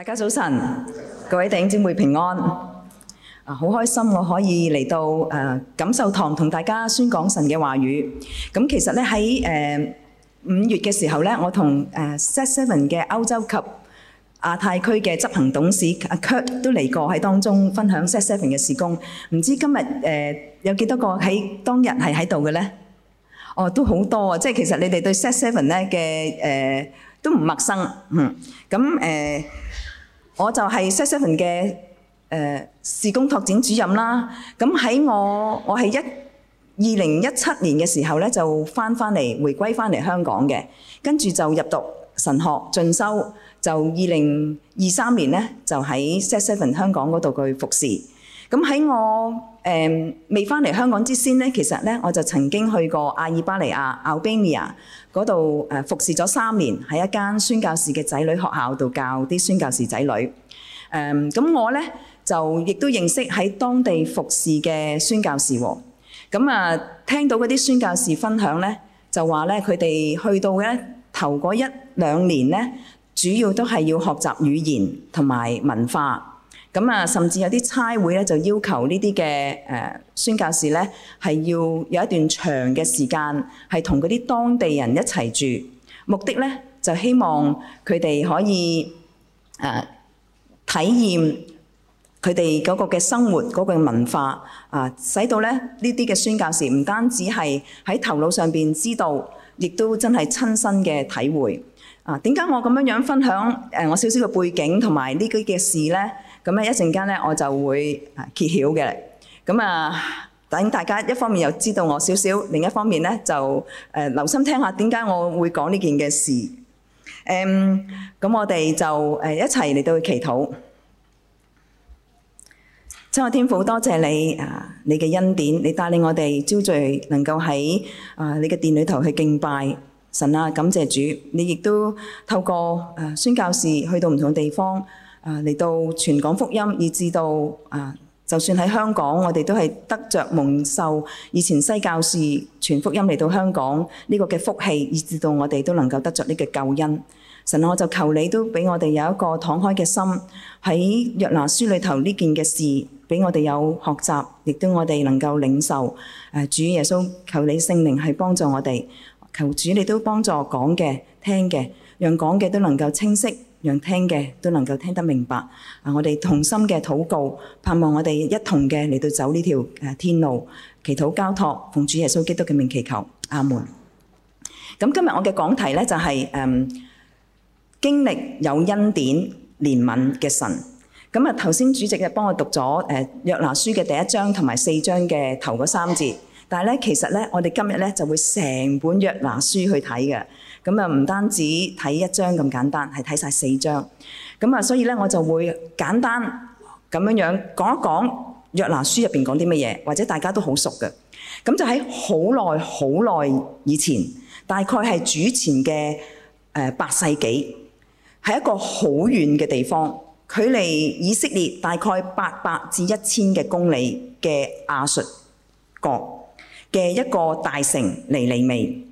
大家早晨，各位弟兄姊妹平安。啊，好開心我可以嚟到誒錦繡堂同大家宣講神嘅話語。咁其實咧喺誒五月嘅時候咧，我同誒 Set Seven 嘅歐洲及亞太區嘅執行董事阿 Kurt 都嚟過喺當中分享 Set Seven 嘅事工。唔知今日誒有幾多個喺當日係喺度嘅咧？哦，都好多啊！即係其實你哋對 Set Seven 咧嘅誒都唔陌生。嗯，咁誒。我就係 Seven 嘅事工拓展主任啦。咁喺我我係一二零一七年嘅時候呢，就返返嚟，回歸返嚟香港嘅。跟住就入讀神學進修，就二零二三年呢，就喺 Seven 香港嗰度去服侍。咁喺我誒未返嚟香港之前咧，其實咧我就曾經去過亞爾巴尼亞 （Albania） 嗰度誒服侍咗三年，喺一間宣教士嘅仔女學校度教啲宣教士仔女。誒咁我咧就亦都認識喺當地服侍嘅宣教士喎。咁啊，聽到嗰啲宣教士分享咧，就話咧佢哋去到咧頭嗰一兩年咧，主要都係要學習語言同埋文化。甚至有啲差會咧，就要求呢啲嘅誒宣教士咧，係要有一段長嘅時間係同嗰啲當地人一齊住，目的咧就希望佢哋可以誒體驗佢哋嗰個嘅生活嗰個文化啊，使到咧呢啲嘅宣教士唔單止係喺頭腦上邊知道，亦都真係親身嘅體會啊。點解我咁樣樣分享誒我少少嘅背景同埋呢啲嘅事咧？咁咧一陣間咧，我就會揭曉嘅。咁啊，等大家一方面又知道我少少，另一方面咧就誒留心聽下點解我會講呢件嘅事。誒，咁我哋就誒一齊嚟到去祈禱。親愛天父，多謝你啊！你嘅恩典，你帶領我哋朝聚，能夠喺啊你嘅殿裏頭去敬拜神啊！感謝主，你亦都透過誒宣教士去到唔同地方。啊！嚟到全港福音，以至到啊，就算喺香港，我哋都係得着蒙受以前西教士傳福音嚟到香港呢、這個嘅福氣以至到我哋都能夠得着呢個救恩。神，我就求你都畀我哋有一個敞開嘅心，喺約拿書裏頭呢件嘅事，俾我哋有學習，亦都我哋能夠領受。主耶穌，求你聖靈係幫助我哋。求主你都幫助講嘅、聽嘅，讓講嘅都能夠清晰。讓聽嘅都能夠聽得明白，啊！我哋同心嘅禱告，盼望我哋一同嘅嚟到走呢條誒天路，祈禱交託，奉主耶穌基督嘅名祈求，阿門。咁今日我嘅講題咧就係誒經歷有恩典憐憫嘅神。咁啊頭先主席啊幫我讀咗誒約拿書嘅第一章同埋四章嘅頭嗰三節，但係咧其實咧我哋今日咧就會成本約拿書去睇嘅。咁啊，唔單止睇一章咁簡單，係睇晒四章。咁啊，所以呢，我就會簡單咁樣樣講一講約拿書入面講啲乜嘢，或者大家都好熟㗎。咁就喺好耐好耐以前，大概係主前嘅、呃、八世紀，係一個好遠嘅地方，距離以色列大概八百至一千嘅公里嘅亞述國嘅一個大城尼尼微。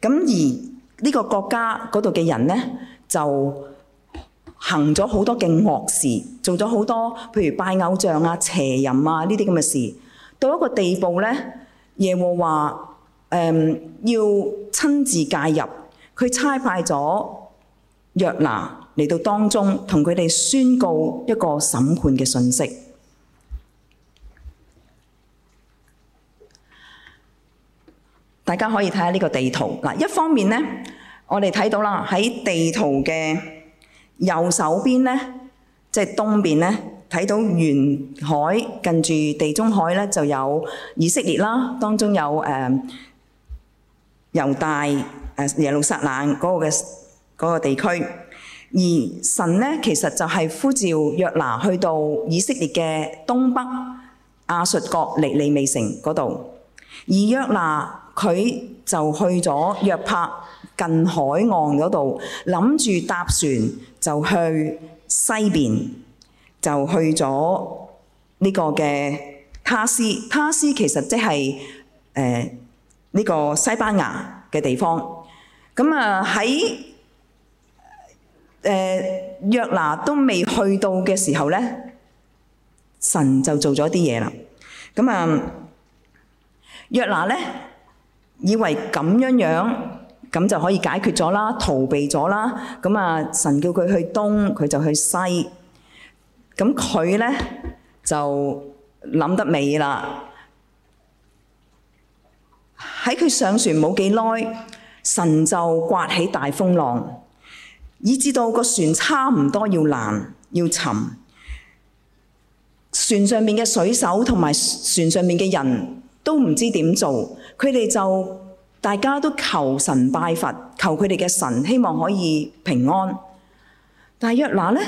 咁而呢個國家嗰度嘅人呢，就行咗好多嘅惡事，做咗好多譬如拜偶像啊、邪淫啊呢啲咁嘅事，到一個地步呢，耶和華誒、嗯、要親自介入，佢差派咗約拿嚟到當中，同佢哋宣告一個審判嘅信息。大家可以睇下呢個地圖。嗱，一方面呢，我哋睇到啦，喺地圖嘅右手邊呢，即係東邊呢，睇到沿海近住地中海呢，就有以色列啦。當中有誒猶大耶路撒冷嗰個嘅嗰個地區。而神呢，其實就係呼召約拿去到以色列嘅東北亞述國尼尼微城嗰度，而約拿。佢就去咗約帕近海岸嗰度，諗住搭船就去西邊，就去咗呢個嘅他施。他施其實即係誒呢個西班牙嘅地方。咁啊喺誒約拿都未去到嘅時候咧，神就做咗啲嘢啦。咁啊約拿咧。呃以為咁樣樣咁就可以解決咗啦，逃避咗啦。咁啊，神叫佢去東，佢就去西。咁佢呢就諗得美啦。喺佢上船冇幾耐，神就刮起大風浪，以至到個船差唔多要爛要沉。船上面嘅水手同埋船上面嘅人，都唔知點做，佢哋就大家都求神拜佛，求佢哋嘅神，希望可以平安。但係約拿呢，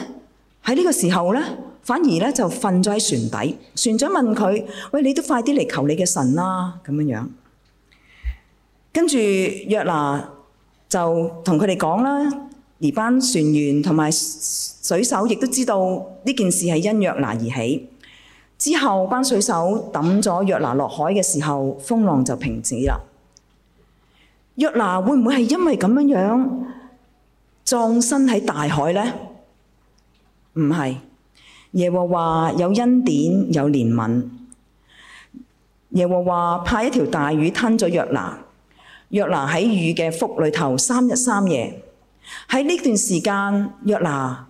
喺呢個時候呢，反而呢就瞓咗喺船底。船長問佢：「喂，你都快啲嚟求你嘅神啦！咁樣樣。跟住約拿就同佢哋講啦，而班船員同埋水手亦都知道呢件事係因約拿而起。之後，班水手抌咗約拿落海嘅時候，風浪就停止啦。約拿會唔會係因為咁樣樣葬身喺大海呢？唔係，耶和華有恩典有憐憫，耶和華派一條大魚吞咗約拿。約拿喺魚嘅腹裏頭三日三夜。喺呢段時間，約拿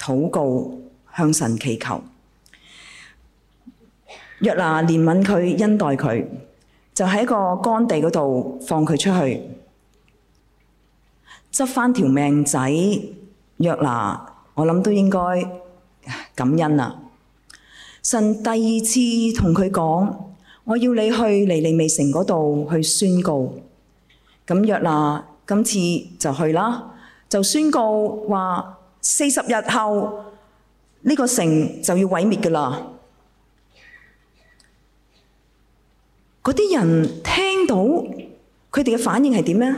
禱告向神祈求。約拿憐憫佢，恩待佢，就喺個乾地嗰度放佢出去，執返條命仔。約拿，我諗都應該感恩啦。神第二次同佢講，我要你去尼尼微城嗰度去宣告。咁約拿，今次就去啦，就宣告話四十日後呢、這個城就要毀滅㗎啦。嗰啲人聽到佢哋嘅反應係點呢？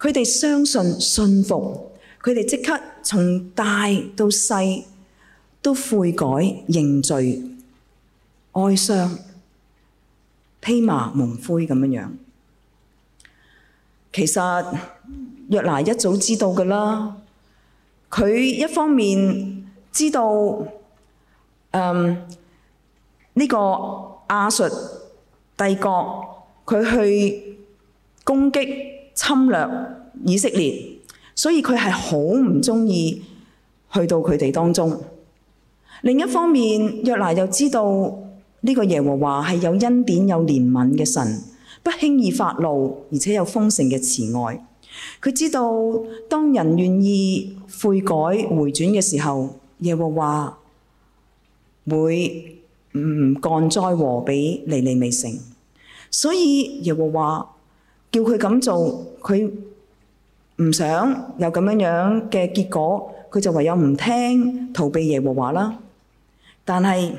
佢哋相信信服，佢哋即刻從大到細都悔改認罪，哀傷披麻蒙灰咁樣，其實約拿一早知道㗎啦，佢一方面知道，嗯，呢、這個亞述帝國佢去攻擊侵略以色列，所以佢係好唔中意去到佢哋當中。另一方面，約拿又知道呢個耶和華係有恩典有憐憫嘅神，不輕易發怒，而且有豐盛嘅慈愛。佢知道當人願意悔改回轉嘅時候，耶和華會唔降災禍，畀尼尼微城，所以耶和華叫佢咁做，佢唔想有咁樣樣嘅結果，佢就唯有唔聽，逃避耶和華啦。但係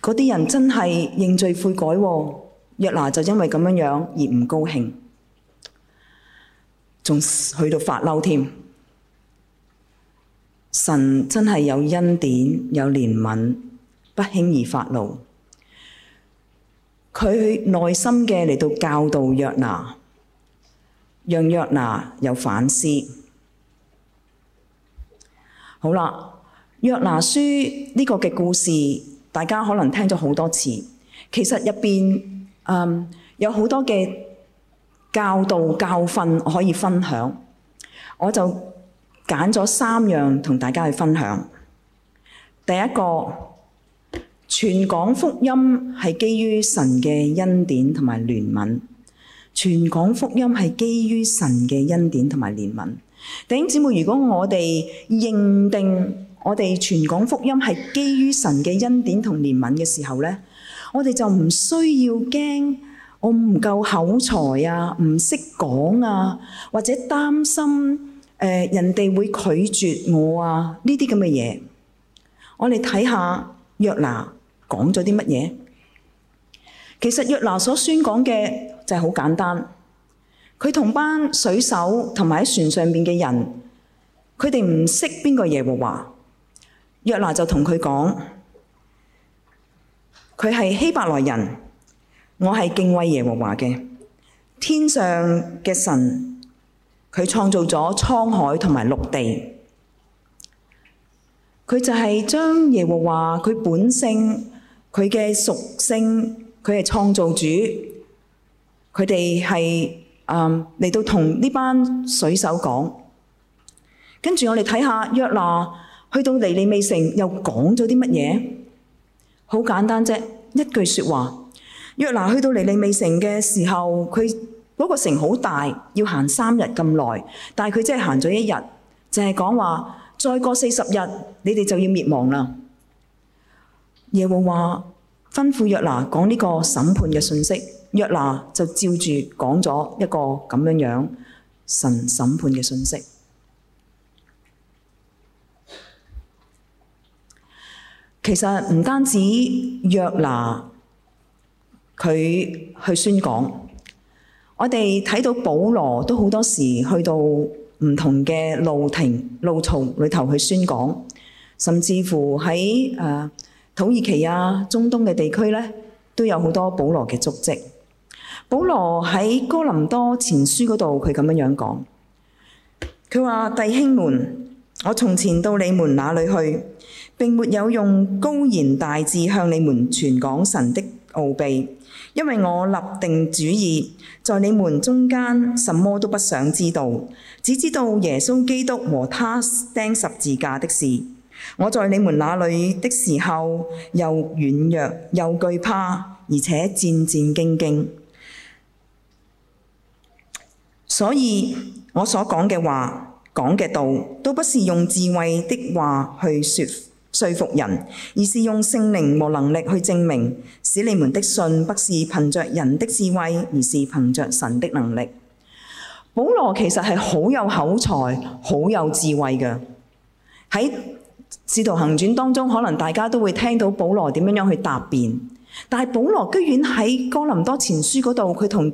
嗰啲人真係認罪悔改，約拿就因為咁樣樣而唔高興，仲去到發嬲添。神真係有恩典，有憐憫，不輕易發怒。佢耐心嘅嚟到教導約拿，讓約拿有反思。好啦，《約拿書》呢個嘅故事，大家可能聽咗好多次。其實入邊，嗯，有好多嘅教導教訓可以分享。我就揀咗三樣同大家去分享。第一個，全港福音係基於神嘅恩典同埋憐憫。全港福音係基於神嘅恩典同埋憐憫。弟兄姊妹，如果我哋認定我哋全港福音係基於神嘅恩典同憐憫嘅時候咧，我哋就唔需要驚我唔夠口才啊，唔識講啊，或者擔心人哋會拒絕我啊！呢啲咁嘅嘢，我哋睇下約拿講咗啲乜嘢。其實約拿所宣講嘅就係好簡單，佢同班水手同埋喺船上面嘅人，佢哋唔識邊個耶和華。約拿就同佢講，佢係希伯來人，我係敬畏耶和華嘅天上嘅神。佢創造咗滄海同埋陸地，佢就係將耶和華佢本性、佢嘅屬性、佢係創造主，佢哋係嗯嚟到同呢班水手講。跟住我哋睇下約拿去到尼尼微城又講咗啲乜嘢？好簡單啫，一句説話。約拿去到尼尼微城嘅時候，佢。嗰個城好大，要行三日咁耐，但係佢真係行咗一日，就係講話再過四十日，你哋就要滅亡啦。耶和華吩咐約拿講呢個審判嘅信息，約拿就照住講咗一個咁樣樣神審判嘅信息。其實唔單止約拿佢去宣講。我哋睇到保羅都好多時去到唔同嘅路亭、路途裏頭去宣講，甚至乎喺、啊、土耳其啊、中東嘅地區呢，都有好多保羅嘅足跡。保羅喺哥林多前書嗰度，佢咁樣樣講，佢話：弟兄們，我從前到你們那裏去。並沒有用高言大智向你們傳講神的奧秘，因為我立定主意，在你們中間什麼都不想知道，只知道耶穌基督和他釘十字架的事。我在你們那裏的時候，又軟弱又懼怕，而且戰戰兢兢，所以我所講嘅話、講嘅道，都不是用智慧的話去說。說服人，而是用聖靈和能力去證明，使你們的信不是憑着人的智慧，而是憑着神的能力。保羅其實係好有口才、好有智慧嘅。喺使徒行傳當中，可能大家都會聽到保羅點樣樣去答辯，但係保羅居然喺哥林多前書嗰度，佢同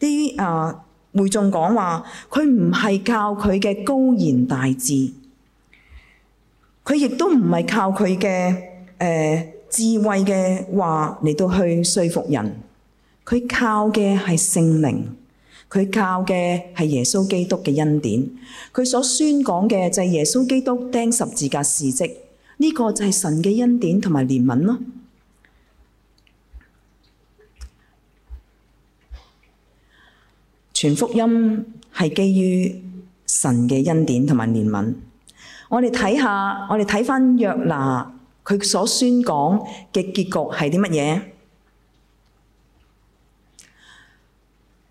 啲啊會眾講話，佢唔係教佢嘅高言大智。佢亦都唔係靠佢嘅誒智慧嘅話嚟到去說服人，佢靠嘅係聖靈，佢靠嘅係耶穌基督嘅恩典，佢所宣講嘅就係耶穌基督釘十字架事跡，呢個就係神嘅恩典同埋憐憫咯。全福音係基於神嘅恩典同埋憐憫。我哋睇下，我哋睇翻約拿佢所宣講嘅結局係啲乜嘢？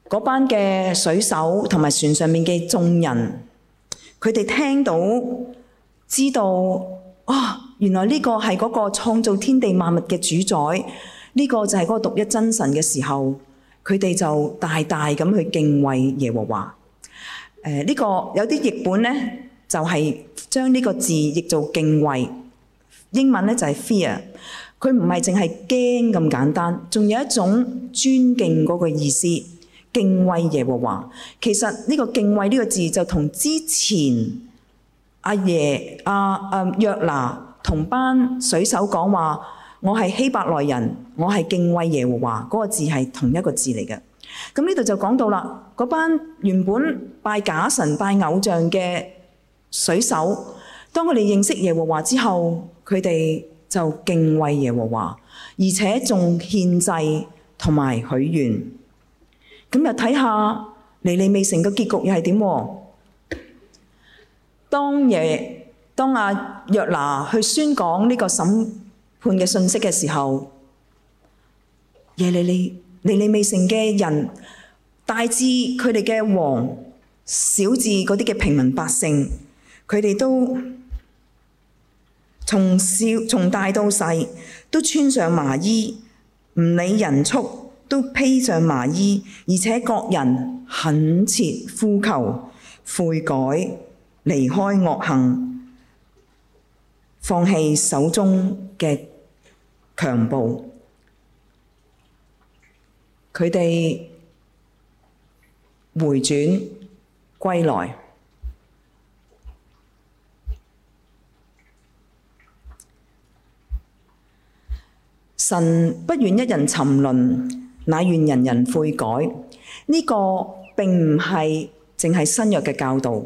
嗰班嘅水手同埋船上面嘅眾人，佢哋聽到知道，啊、哦，原來呢個係嗰個創造天地萬物嘅主宰，呢、這個就係嗰個獨一真神嘅時候，佢哋就大大咁去敬畏耶和華。誒、呃，這個、些日呢個有啲譯本咧。就係將呢個字，譯做敬畏。英文呢就係 fear，佢唔係淨係驚咁簡單，仲有一種尊敬嗰個意思。敬畏耶和華，其實呢個敬畏呢個字就同之前阿爺阿嗯約拿同班水手講話，我係希伯來人，我係敬畏耶和華嗰個字係同一個字嚟嘅。咁呢度就講到啦，嗰班原本拜假神、拜偶像嘅。水手，當佢哋認識耶和華之後，佢哋就敬畏耶和華，而且仲獻祭同埋許願。咁又睇下尼尼微城嘅結局又係點？當耶當阿約拿去宣講呢個審判嘅信息嘅時候，尼尼微尼尼微城嘅人大至佢哋嘅王，小至嗰啲嘅平民百姓。佢哋都從小從大到細都穿上麻衣，唔理人畜都披上麻衣，而且各人懇切呼求悔改，離開惡行，放棄手中嘅強暴，佢哋回轉歸來。神不願一人沉淪，乃願人人悔改。呢個並唔係淨係新約嘅教導，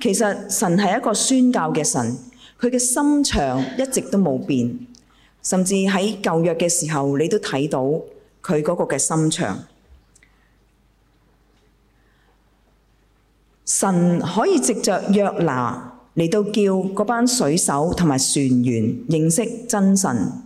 其實神係一個宣教嘅神，佢嘅心腸一直都冇變，甚至喺舊約嘅時候，你都睇到佢嗰個嘅心腸。神可以藉着約拿嚟到叫嗰班水手同埋船員認識真神。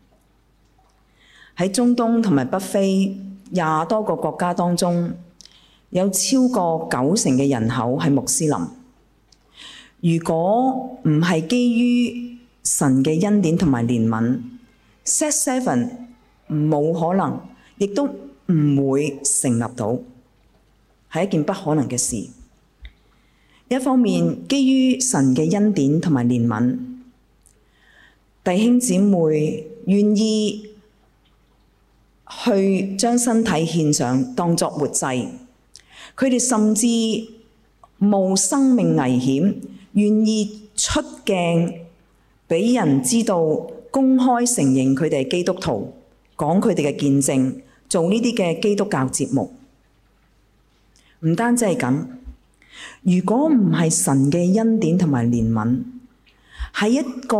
喺中東同埋北非廿多個國家當中，有超過九成嘅人口係穆斯林。如果唔係基於神嘅恩典同埋憐憫，Set Seven 冇可能，亦都唔會成立到，係一件不可能嘅事。一方面基於神嘅恩典同埋憐憫，弟兄姊妹願意。去將身體獻上，當作活祭；佢哋甚至冒生命危險，願意出鏡畀人知道，公開承認佢哋係基督徒，講佢哋嘅見證，做呢啲嘅基督教節目。唔單止係咁，如果唔係神嘅恩典同埋憐憫，喺一個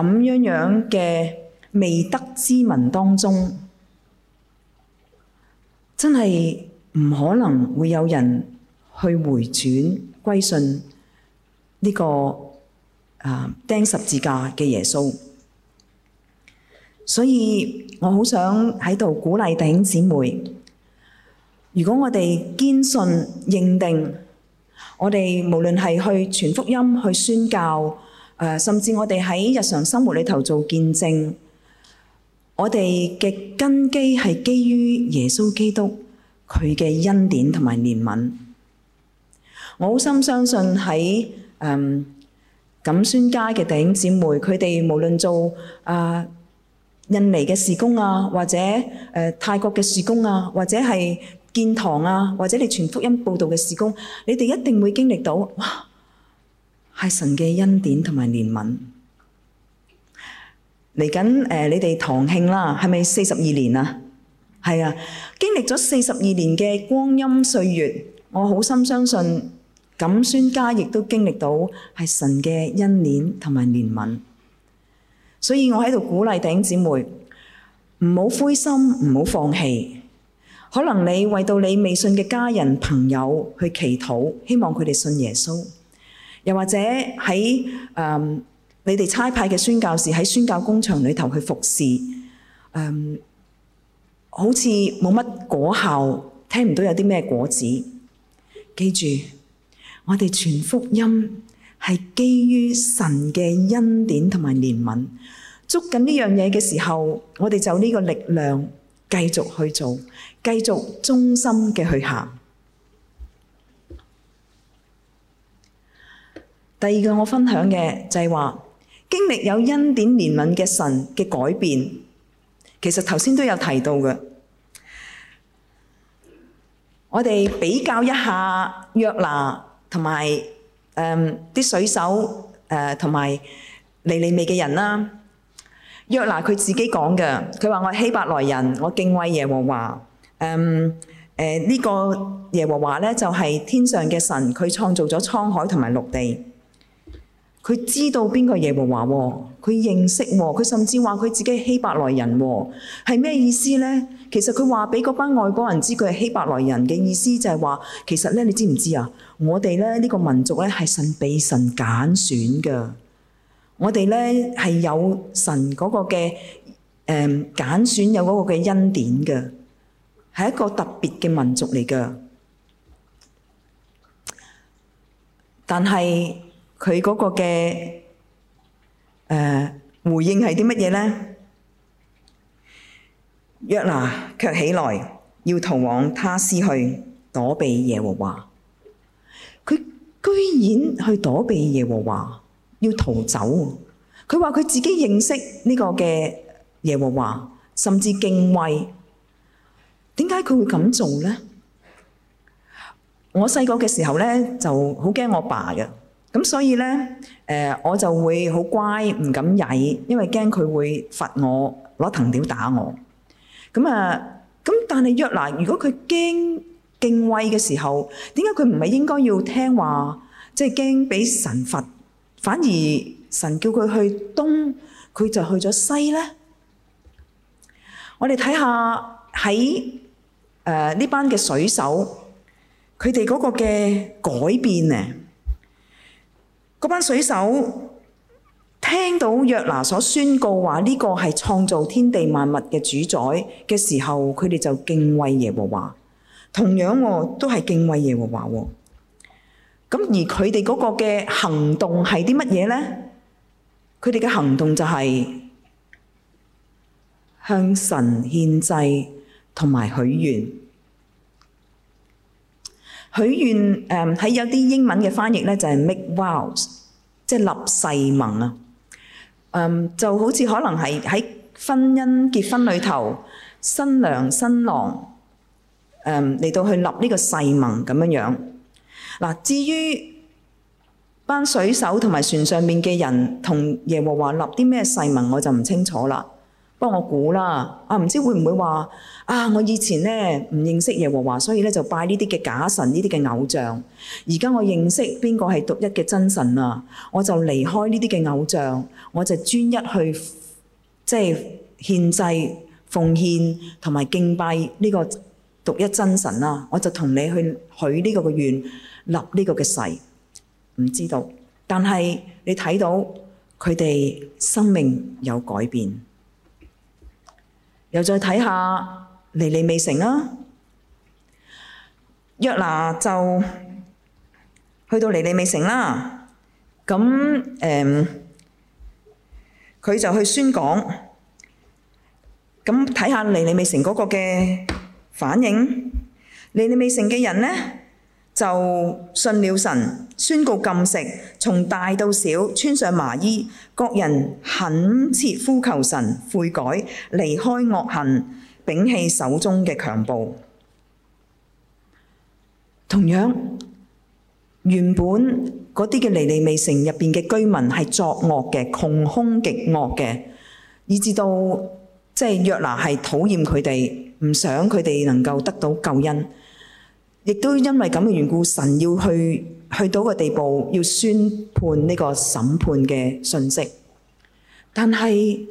咁樣樣嘅未得之民當中。真係唔可能會有人去回轉歸信呢個啊釘十字架嘅耶穌，所以我好想喺度鼓勵弟兄姊妹，如果我哋堅信認定，我哋無論係去傳福音、去宣教，誒，甚至我哋喺日常生活裏頭做見證。我哋嘅根基係基於耶穌基督佢嘅恩典同埋憐憫。我好深相信喺嗯錦孫街嘅弟兄姊妹，佢哋無論做啊印尼嘅事工啊，或者誒、呃、泰國嘅事工啊，或者係建堂啊，或者你傳福音佈道嘅事工，你哋一定會經歷到，哇！係神嘅恩典同埋憐憫。嚟緊誒，你哋堂慶啦，係咪四十二年啊？係啊，經歷咗四十二年嘅光陰歲月，我好深相信，噉宣家亦都經歷到係神嘅恩典同埋憐憫。所以我喺度鼓勵弟兄姊妹，唔好灰心，唔好放棄。可能你為到你未信嘅家人朋友去祈禱，希望佢哋信耶穌，又或者喺誒。你哋差派嘅宣教士喺宣教工場裏頭去服侍，嗯，好似冇乜果效，聽唔到有啲咩果子。記住，我哋傳福音係基於神嘅恩典同埋憐憫。捉緊呢樣嘢嘅時候，我哋就呢個力量繼續去做，繼續忠心嘅去行。第二個我分享嘅就係話，經歷有恩典憐憫嘅神嘅改變，其實頭先都有提到嘅。我哋比較一下約拿同埋誒啲水手誒同埋尼尼微嘅人啦。約拿佢自己講嘅，佢話我係希伯來人，我敬畏耶和華。嗯，誒呢個耶和華咧就係天上嘅神，佢創造咗滄海同埋陸地。佢知道邊個耶和華喎，佢認識喎，佢甚至話佢自己希伯來人喎，係咩意思呢？其實佢話俾嗰班外國人知佢係希伯來人嘅意思就係話，其實咧你知唔知啊？我哋咧呢個民族咧係神俾神揀選嘅，我哋咧係有神嗰個嘅誒揀選有嗰個嘅恩典嘅，係一個特別嘅民族嚟嘅，但係，佢嗰個嘅誒、呃、回應係啲乜嘢呢？約拿卻起來要逃往他施去躲避耶和華。佢居然去躲避耶和華，要逃走。佢話佢自己認識呢個嘅耶和華，甚至敬畏。點解佢會咁做呢？我細個嘅時候咧就好驚我爸嘅。咁所以咧，誒、呃、我就會好乖，唔敢曳，因為驚佢會罰我攞藤條打我。咁啊，咁、呃、但係約拿，如果佢驚敬畏嘅時候，點解佢唔係應該要聽話？即係驚俾神罰，反而神叫佢去東，佢就去咗西咧。我哋睇下喺誒呢班嘅水手，佢哋嗰個嘅改變咧。嗰班水手聽到約拿所宣告話呢個係創造天地萬物嘅主宰嘅時候，佢哋就敬畏耶和華。同樣喎，都係敬畏耶和華喎。咁而佢哋嗰個嘅行動係啲乜嘢呢？佢哋嘅行動就係向神獻祭同埋許願。許願，誒喺有啲英文嘅翻譯咧就係 make vows，即係立誓盟啊，誒就好似可能係喺婚姻結婚裏頭新娘新郎誒嚟到去立呢個誓盟咁樣樣。嗱，至於班水手同埋船上面嘅人同耶和華立啲咩誓盟，我就唔清楚啦。幫我估啦！啊，唔知會唔會話啊？我以前咧唔認識耶和華，所以咧就拜呢啲嘅假神、呢啲嘅偶像。而家我認識邊個係獨一嘅真神啦，我就離開呢啲嘅偶像，我就專一去，即係獻祭、奉獻同埋敬拜呢個獨一真神啦。我就同你去許呢個嘅願，立呢個嘅誓。唔知道，但係你睇到佢哋生命有改變。又再睇下尼尼微城啦，約拿就去到尼尼微城啦，咁誒佢就去宣講，咁睇下尼尼微城嗰個嘅反應，尼尼微城嘅人呢，就信了神。宣告禁食，從大到小穿上麻衣，各人懇切呼求神悔改，離開惡行，摒棄手中嘅強暴。同樣，原本嗰啲嘅尼尼微城入邊嘅居民係作惡嘅，窮凶極惡嘅，以至到即係、就是、約拿係討厭佢哋，唔想佢哋能夠得到救恩，亦都因為咁嘅緣故，神要去。去到個地步，要宣判呢個審判嘅信息。但係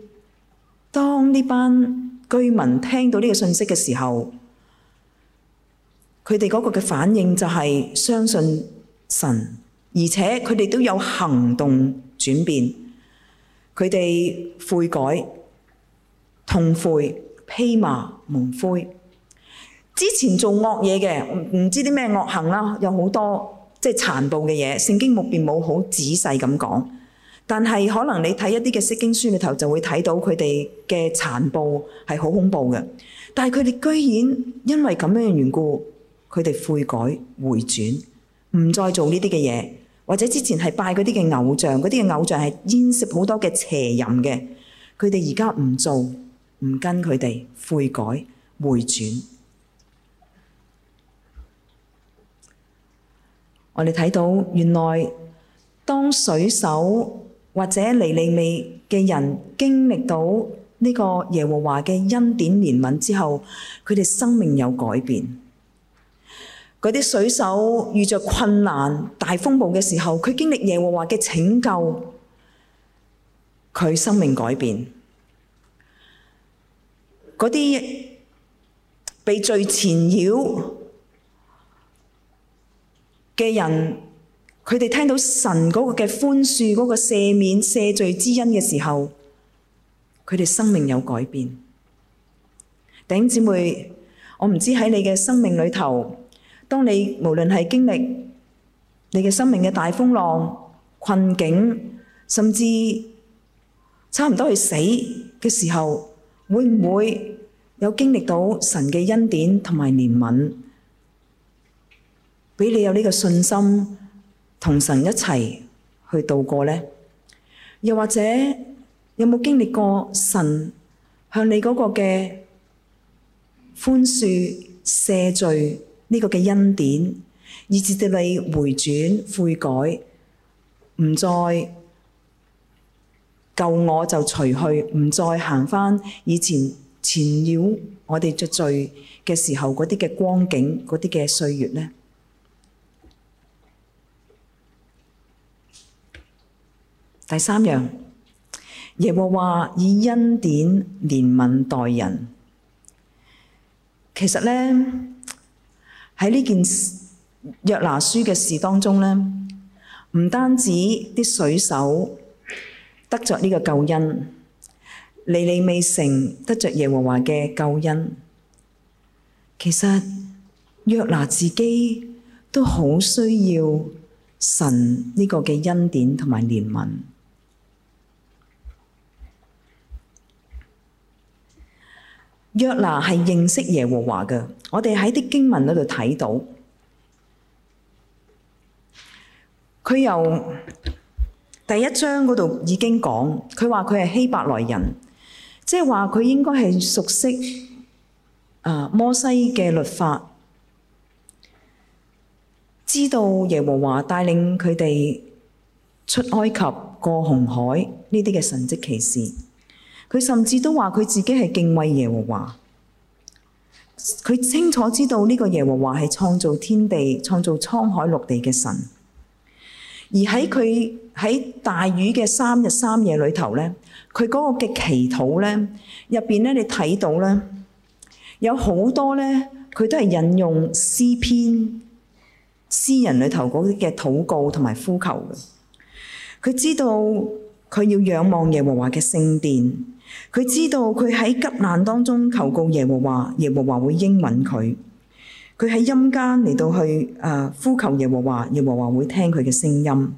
當呢班居民聽到呢個信息嘅時候，佢哋嗰個嘅反應就係相信神，而且佢哋都有行動轉變，佢哋悔改、痛悔、披麻蒙灰。之前做惡嘢嘅，唔唔知啲咩惡行啦，有好多。即係殘暴嘅嘢，聖經目標冇好仔細咁講，但係可能你睇一啲嘅釋經書裏頭就會睇到佢哋嘅殘暴係好恐怖嘅，但係佢哋居然因為咁樣嘅緣故，佢哋悔改回轉，唔再做呢啲嘅嘢，或者之前係拜嗰啲嘅偶像，嗰啲嘅偶像係淹食好多嘅邪淫嘅，佢哋而家唔做，唔跟佢哋悔改回轉。我哋睇到，原來當水手或者尼尼微嘅人經歷到呢個耶和華嘅恩典憐憫之後，佢哋生命有改變。嗰啲水手遇着困難、大風暴嘅時候，佢經歷耶和華嘅拯救，佢生命改變。嗰啲被罪纏繞嘅人，佢哋聽到神嗰個嘅寬恕、嗰個赦免、赦罪之恩嘅時候，佢哋生命有改變。弟兄姊妹，我唔知喺你嘅生命裏頭，當你無論係經歷你嘅生命嘅大風浪、困境，甚至差唔多去死嘅時候，會唔會有經歷到神嘅恩典同埋憐憫？俾你有呢個信心，同神一齊去度過呢？又或者有冇經歷過神向你嗰個嘅寬恕、赦罪呢個嘅恩典，以致到你回轉悔改，唔再救我就除去，唔再行翻以前纏繞我哋着罪嘅時候嗰啲嘅光景，嗰啲嘅歲月呢？第三樣，耶和華以恩典、憐憫待人。其實呢，喺呢件約拿書嘅事當中呢，唔單止啲水手得着呢個救恩，尼尼微城得着耶和華嘅救恩。其實約拿自己都好需要神呢個嘅恩典同埋憐憫。約拿係認識耶和華嘅，我哋喺啲經文嗰度睇到，佢由第一章嗰度已經講，佢話佢係希伯來人，即係話佢應該係熟悉啊摩西嘅律法，知道耶和華帶領佢哋出埃及、過紅海呢啲嘅神蹟奇事。佢甚至都話佢自己係敬畏耶和華，佢清楚知道呢個耶和華係創造天地、創造滄海陸地嘅神。而喺佢喺大魚嘅三日三夜裏頭咧，佢嗰個嘅祈禱咧，入邊咧你睇到咧，有好多咧，佢都係引用詩篇、詩人裏頭嗰啲嘅禱告同埋呼求嘅。佢知道佢要仰望耶和華嘅聖殿。佢知道佢喺急難當中求告耶和華，耶和華會應允佢。佢喺陰間嚟到去，呃、呼求耶和華，耶和華會聽佢嘅聲音。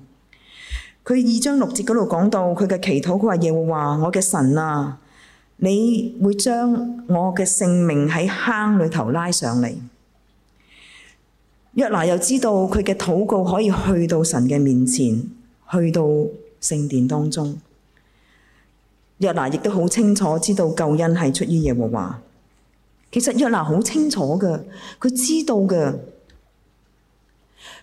佢二章六節嗰度講到佢嘅祈禱，佢話耶和華，我嘅神啊，你會將我嘅性命喺坑裏頭拉上嚟。約拿又知道佢嘅禱告可以去到神嘅面前，去到聖殿當中。約拿亦都好清楚知道救恩係出於耶和華。其實約拿好清楚噶，佢知道噶。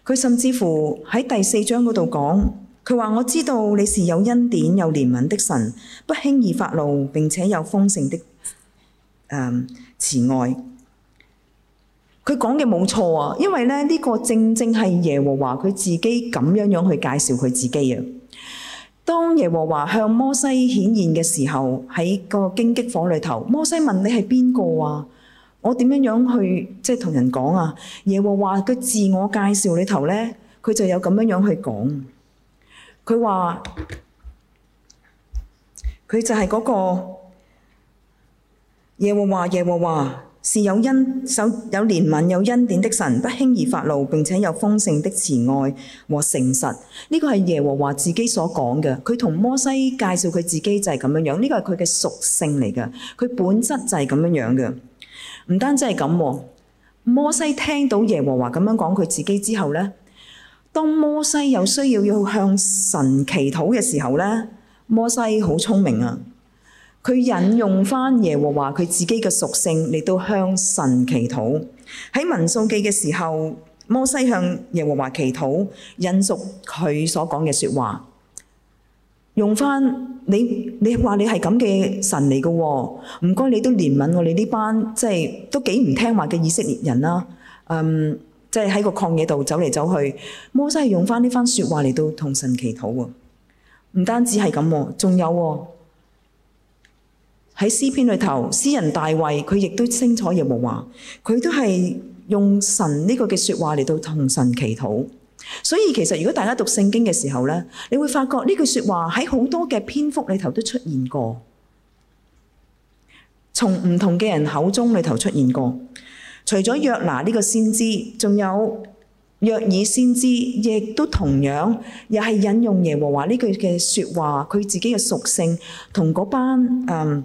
佢甚至乎喺第四章嗰度講，佢話我知道你是有恩典、有憐憫的神，不輕易發怒，並且有豐盛的、呃、慈愛。佢講嘅冇錯啊，因為咧呢、呢個正正係耶和華佢自己咁樣樣去介紹佢自己啊。當耶和華向摩西顯現嘅時候，喺個荊棘房裏頭，摩西問你係邊個啊？我點樣樣去即係同人講啊？耶和華嘅自我介紹裏頭咧，佢就有咁樣樣去講。佢話佢就係嗰個耶和華耶和華，是有恩、有有憐憫、有恩典的神，不輕易發怒，並且有豐盛的慈愛和誠實。這個是耶和華自己所講的，他同摩西介紹他自己就是這樣，這個是他的屬性嚟噶，佢本質就是這樣的，不單是這樣嘅。唔單止係咁，摩西聽到耶和華這樣講他自己之後咧，當摩西有需要要向神祈禱的時候咧，摩西好聰明啊！佢引用返耶和華佢自己嘅屬性嚟到向神祈禱。喺民數記嘅時候，摩西向耶和華祈禱，引述佢所講嘅說話，用翻你你話你係咁嘅神嚟喎，唔該你都憐憫我哋呢班即係都幾唔聽話嘅以色列人啦。嗯，即係喺個曠野度走嚟走去，摩西用翻呢番說話嚟到同神祈禱。唔單止係咁，仲有。喺詩篇裏頭，詩人大衛佢亦都清楚耶和華，佢都係用神呢個嘅說話嚟到同神祈禱。所以其實如果大家讀聖經嘅時候咧，你會發覺呢句說話喺好多嘅篇幅裏頭都出現過，從唔同嘅人口中裏頭出現過。除咗約拿呢個先知，仲有約珥先知，亦都同樣又係引用耶和華呢句嘅說話，佢自己嘅屬性同嗰班嗯。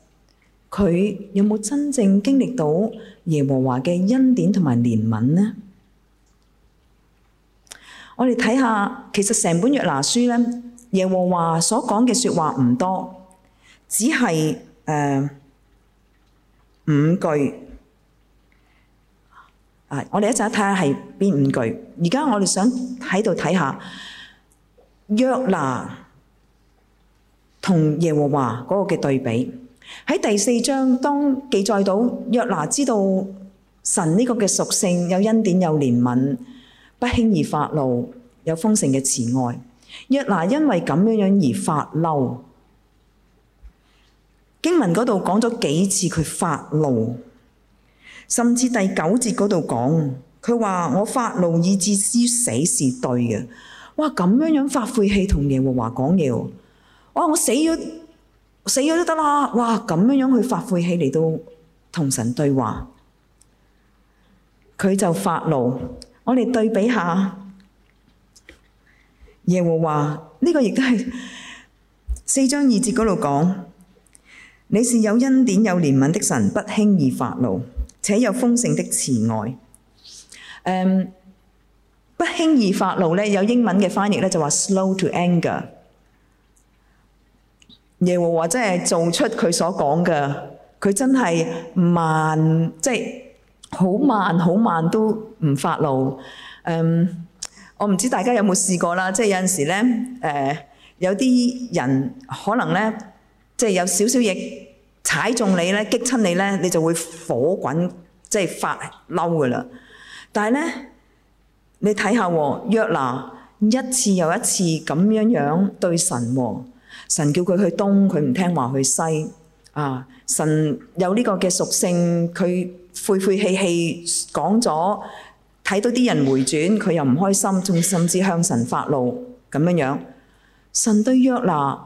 佢有冇真正經歷到耶和華嘅恩典同埋憐憫呢？我哋睇下，其實成本約拿書咧，耶和華所講嘅説話唔多，只係誒五句。啊，我哋一陣睇下係邊五句。而家我哋想喺度睇下約拿同耶和華嗰個嘅對比。喺第四章，當記載到約拿知道神呢個嘅屬性，有恩典、有憐憫，不輕易發怒，有豐盛嘅慈愛。約拿因為咁樣樣而發嬲，經文嗰度講咗幾次佢發怒，甚至第九節嗰度講，佢話我發怒以致於死是對嘅。哇，咁樣樣發晦氣同耶和華講嘢，哇、哦，我死咗。死咗都得啦！哇，咁樣樣去發晦氣嚟，都同神對話，佢就發怒。我哋對比下，耶和華呢個亦都係四章二節嗰度講，你是有恩典有憐憫的神，不輕易發怒，且有豐盛的慈愛。誒，不輕易發怒呢，有英文嘅翻譯呢就話 slow to anger。耶和華真係做出佢所講嘅，佢真係慢，即係好慢好慢都唔發怒。嗯，我唔知大家有冇試過啦，即係有陣時咧，誒、呃，有啲人可能咧，即係有少少嘢踩中你咧，激親你咧，你就會火滾，即係發嬲噶啦。但係咧，你睇下約拿一次又一次咁樣樣對神喎。神叫佢去東，佢唔聽話去西啊！神有呢個嘅屬性，佢晦晦氣氣講咗，睇到啲人回轉，佢又唔開心，仲甚至向神發怒咁樣樣。神對約拿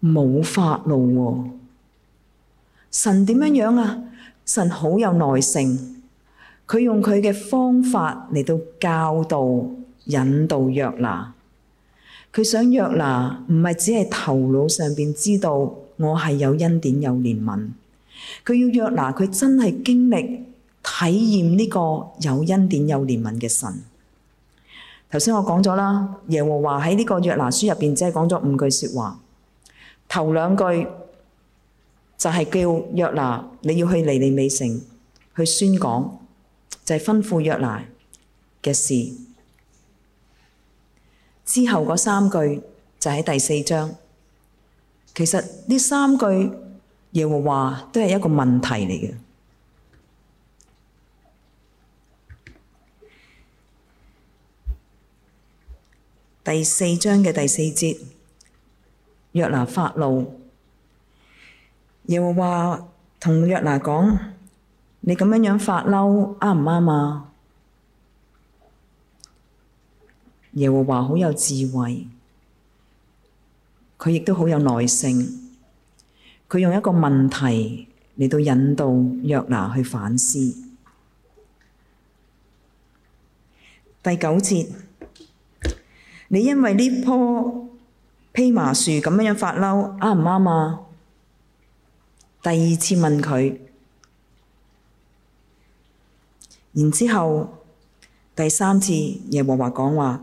冇發怒喎，神點樣樣啊？神好有耐性，佢用佢嘅方法嚟到教導、引導約拿。佢想約拿，唔係只係頭腦上邊知道我係有恩典有憐憫，佢要約拿佢真係經歷體驗呢個有恩典有憐憫嘅神。頭先我講咗啦，耶和華喺呢個約拿書入邊，只係講咗五句説話，頭兩句就係叫約拿你要去尼尼微城去宣講，就係吩咐約拿嘅事。之後嗰三句就喺第四章。其實呢三句耶和華都係一個問題嚟嘅。第四章嘅第四節，約拿發怒，耶和華同約拿講：你咁樣樣發嬲啱唔啱啊？耶和華好有智慧，佢亦都好有耐性，佢用一個問題嚟到引導約拿去反思。第九節，你因為呢棵蓖麻樹咁樣樣發嬲，啱唔啱啊？第二次問佢，然之後第三次耶和華講話。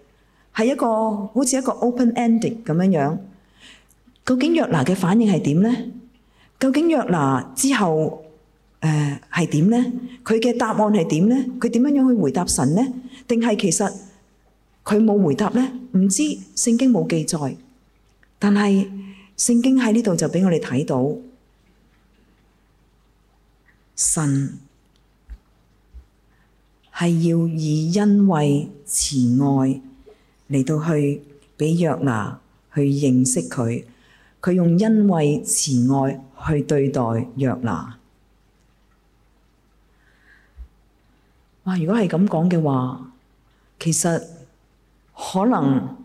係一個好似一個 open ending 咁樣樣，究竟約拿嘅反應係點呢？究竟約拿之後誒係點呢？佢嘅答案係點呢？佢點樣樣去回答神呢？定係其實佢冇回答呢？唔知聖經冇記載，但係聖經喺呢度就俾我哋睇到，神係要以恩惠慈愛。嚟到去俾約拿去認識佢，佢用恩惠慈愛去對待約拿。哇！如果係咁講嘅話，其實可能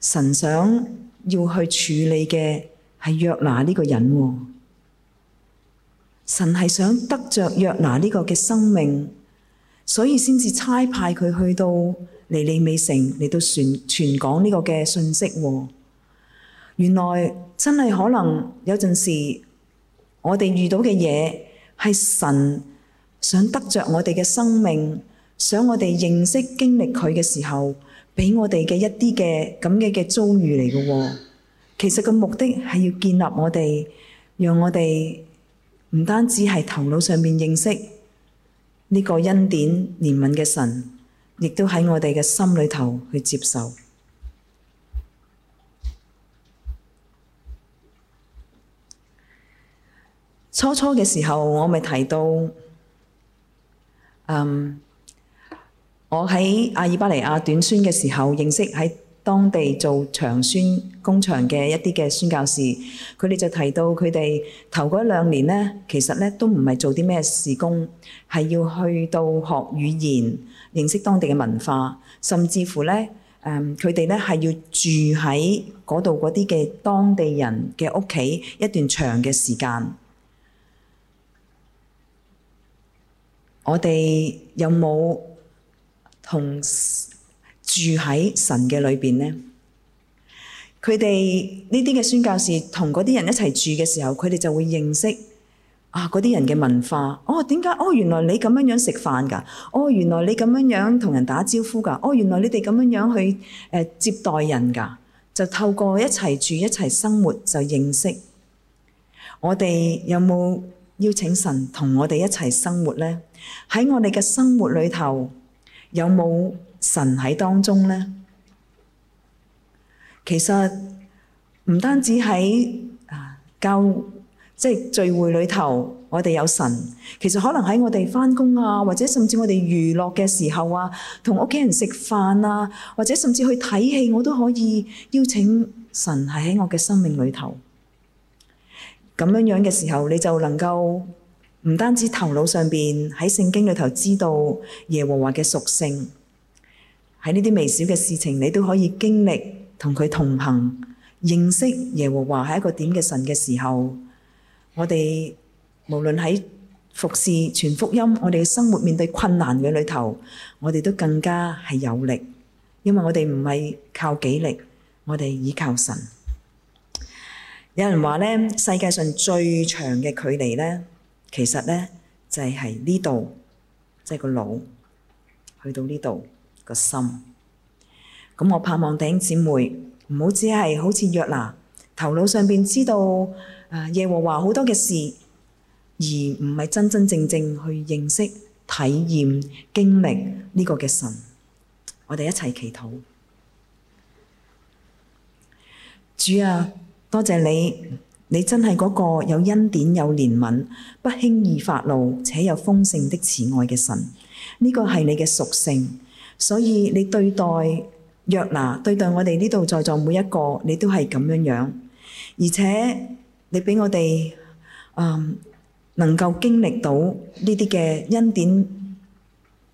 神想要去處理嘅係約拿呢個人喎。神係想得着約拿呢個嘅生命，所以先至差派佢去到。嚟未？未成嚟到傳講呢個嘅信息喎、哦。原來真係可能有陣時，我哋遇到嘅嘢係神想得着我哋嘅生命，想我哋認識經歷佢嘅時候，畀我哋嘅一啲嘅咁嘅嘅遭遇嚟嘅、哦。其實個目的係要建立我哋，讓我哋唔單止係頭腦上面認識呢、這個恩典憐憫嘅神。亦都喺我哋嘅心裏頭去接受。初初嘅時候，我咪提到，嗯，我喺阿爾巴尼亞短宣嘅時候認識喺當地做長宣工場嘅一啲嘅宣教士，佢哋就提到佢哋頭嗰一兩年呢，其實咧都唔係做啲咩事工，係要去到學語言、認識當地嘅文化，甚至乎咧誒，佢哋咧係要住喺嗰度嗰啲嘅當地人嘅屋企一段長嘅時間。我哋有冇同住喺神嘅裏邊呢，佢哋呢啲嘅宣教士同嗰啲人一齊住嘅時候，佢哋就會認識啊嗰啲人嘅文化。哦，點解？哦，原來你咁樣樣食飯噶。哦，原來你咁樣樣同人打招呼噶。哦，原來你哋咁樣樣去誒、呃、接待人噶。就透過一齊住一齊生活就認識。我哋有冇邀請神同我哋一齊生活咧？喺我哋嘅生活裏頭有冇？神喺當中呢，其實唔單止喺啊，教即係聚會裏頭，我哋有神。其實可能喺我哋返工啊，或者甚至我哋娛樂嘅時候啊，同屋企人食飯啊，或者甚至去睇戲，我都可以邀請神係喺我嘅生命裏頭。咁樣樣嘅時候，你就能夠唔單止頭腦上邊喺聖經裏頭知道耶和華嘅屬性。喺呢啲微小嘅事情，你都可以經歷同佢同行，認識耶和華係一個點嘅神嘅時候，我哋無論喺服侍傳福音，我哋嘅生活面對困難嘅裏頭，我哋都更加係有力，因為我哋唔係靠己力，我哋倚靠神。有人話咧，世界上最長嘅距離咧，其實咧就係呢度，即係個腦去到呢度。個心，咁我盼望弟兄姊妹唔好只係好似約拿，頭腦上邊知道、啊、耶和華好多嘅事，而唔係真真正正去認識、體驗、經歷呢個嘅神。我哋一齊祈禱，主啊，多謝你，你真係嗰個有恩典、有憐憫、不輕易發怒且有豐盛的慈愛嘅神，呢、這個係你嘅屬性。所以你對待約拿對待我哋呢度在座每一個，你都係咁樣樣。而且你俾我哋嗯能夠經歷到呢啲嘅恩典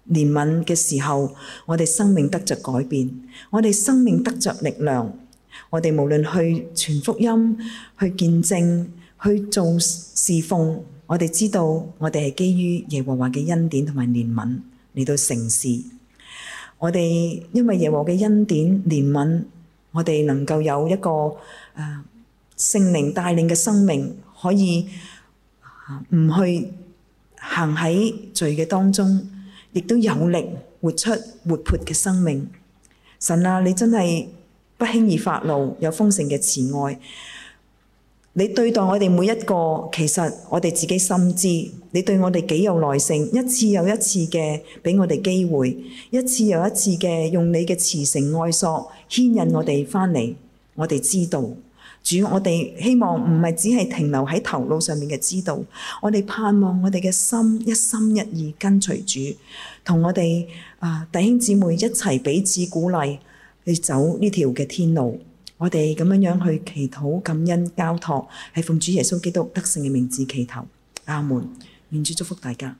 憐憫嘅時候，我哋生命得著改變，我哋生命得著力量。我哋無論去傳福音、去見證、去做侍奉，我哋知道我哋係基於耶和華嘅恩典同埋憐憫嚟到成事。我哋因為耶和嘅恩典、憐憫，我哋能夠有一個誒聖靈帶領嘅生命，可以唔去行喺罪嘅當中，亦都有力活出活潑嘅生命。神啊，你真係不輕易發怒，有豐盛嘅慈愛。你對待我哋每一個，其實我哋自己心知，你對我哋幾有耐性，一次又一次嘅畀我哋機會，一次又一次嘅用你嘅慈繩愛索牽引我哋翻嚟。我哋知道主，我哋希望唔係只係停留喺頭腦上面嘅知道，我哋盼望我哋嘅心一心一意跟隨主，同我哋啊弟兄姊妹一齊彼此鼓勵去走呢條嘅天路。我哋咁樣樣去祈禱感恩交託，係奉主耶穌基督得勝嘅名字祈禱，阿門。願主祝福大家。